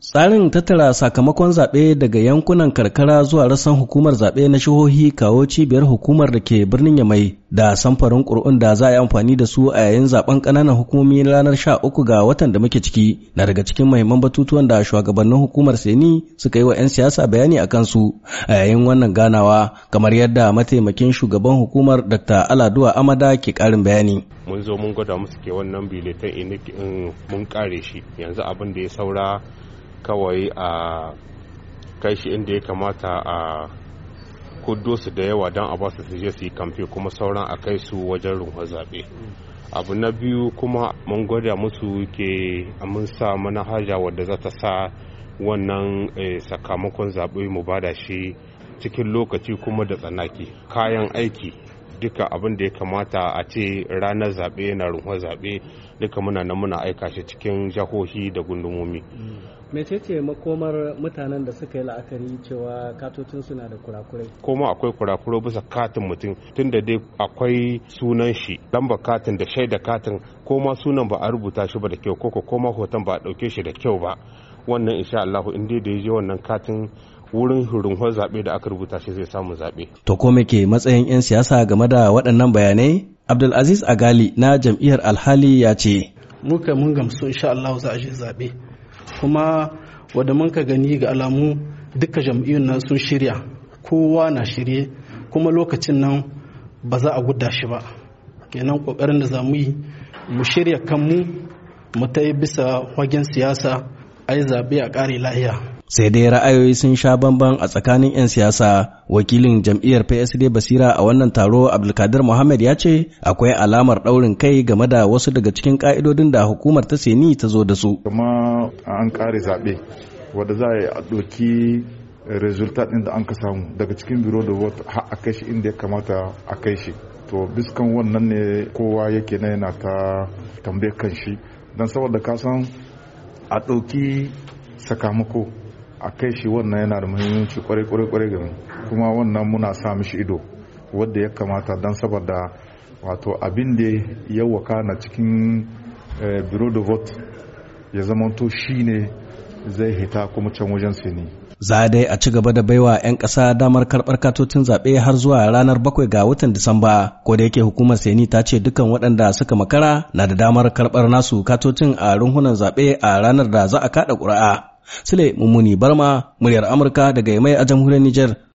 Tsarin tattara sakamakon zaɓe daga yankunan karkara zuwa rassan hukumar zaɓe na shihohi kawo cibiyar hukumar da ke birnin Yamai da samfarin ƙuri'un da za a yi amfani da su a yayin zaɓen ƙananan hukumomi ranar sha uku ga watan da muke ciki na daga cikin mahimman batutuwan da shugabannin hukumar Seni suka yi wa 'yan siyasa bayani a kansu a yayin wannan ganawa kamar yadda mataimakin shugaban hukumar Dr. Aladuwa Amada ke ƙarin bayani. Mun zo mun gwada musu ke wannan biletan in mun kare shi yanzu abin da ya saura kawai a kai shi inda ya kamata a kudu su da yawa don a ba su je su yi kamfe kuma sauran a kai su wajen runhon zaɓe abu na biyu kuma mun gwada musu ke mun sa haja wadda za ta sa wannan eh, sakamakon zaɓe mu bada shi cikin lokaci kuma da tsanaki kayan aiki duka abin da ya kamata a ce ranar zaɓe na runhuwar zaɓe duka muna na muna aika shi cikin jahohi da gundumomi. Mm. ce ce makomar mutanen da suka yi la'akari cewa katotin suna da kurakurai koma akwai kurakurai bisa katin mutum tun da dai akwai sunan shi lamba katin da shaida katin koma sunan ba a rubuta shi ba da kyau koko koma hoton ba a ɗauke shi da kyau ba wannan insha Allah in dai da ya je wannan katin wurin hurunhon zaɓe da aka rubuta shi zai samu zaɓe. To ko ke matsayin 'yan siyasa game da waɗannan bayanai? Abdulaziz Agali na jam'iyyar Alhali ya ce. Muka mun gamsu insha Allah za a je zaɓe. Kuma wanda mun ka gani ga alamu duka jam'iyyun nan sun shirya kowa na shirye kuma lokacin nan ba za a guda shi ba. Kenan kokarin da za mu yi mu shirya kanmu mu ta bisa wagen siyasa a zabe a kare lahiya. sai dai ra'ayoyi sun sha bamban a tsakanin 'yan siyasa wakilin jam'iyyar psd basira a wannan taro abdulkadir muhammad ya ce akwai alamar ɗaurin kai game da wasu daga cikin ƙa'idodin da hukumar ta seni ta zo da su kuma an kare zaɓe wanda za a doki resultat ɗin da an ka samu daga cikin biro da wata har a kai shi inda ya kamata a kai shi to biskan wannan ne kowa yake na yana ta tambayar kan shi don saboda ka san a ɗauki sakamako a kai shi wannan yana da muhimmanci kware kwarai gami kuma wannan muna sa mishi ido wadda ya kamata don saboda wato abin da ya na cikin eh, bureau de vote ya zama to shi ne zai hita kuma can wajen sini Za dai a ci gaba da baiwa 'yan ƙasa damar karɓar katocin zaɓe har zuwa ranar bakwai ga watan Disamba, ko da yake hukumar Seni ta ce dukkan waɗanda suka makara na da damar karɓar nasu katocin a runhunan zaɓe a ranar da za a kaɗa ƙuri'a. Sule Mummuni Barma, muryar Amurka daga Yamai a jamhuriyar Nijar.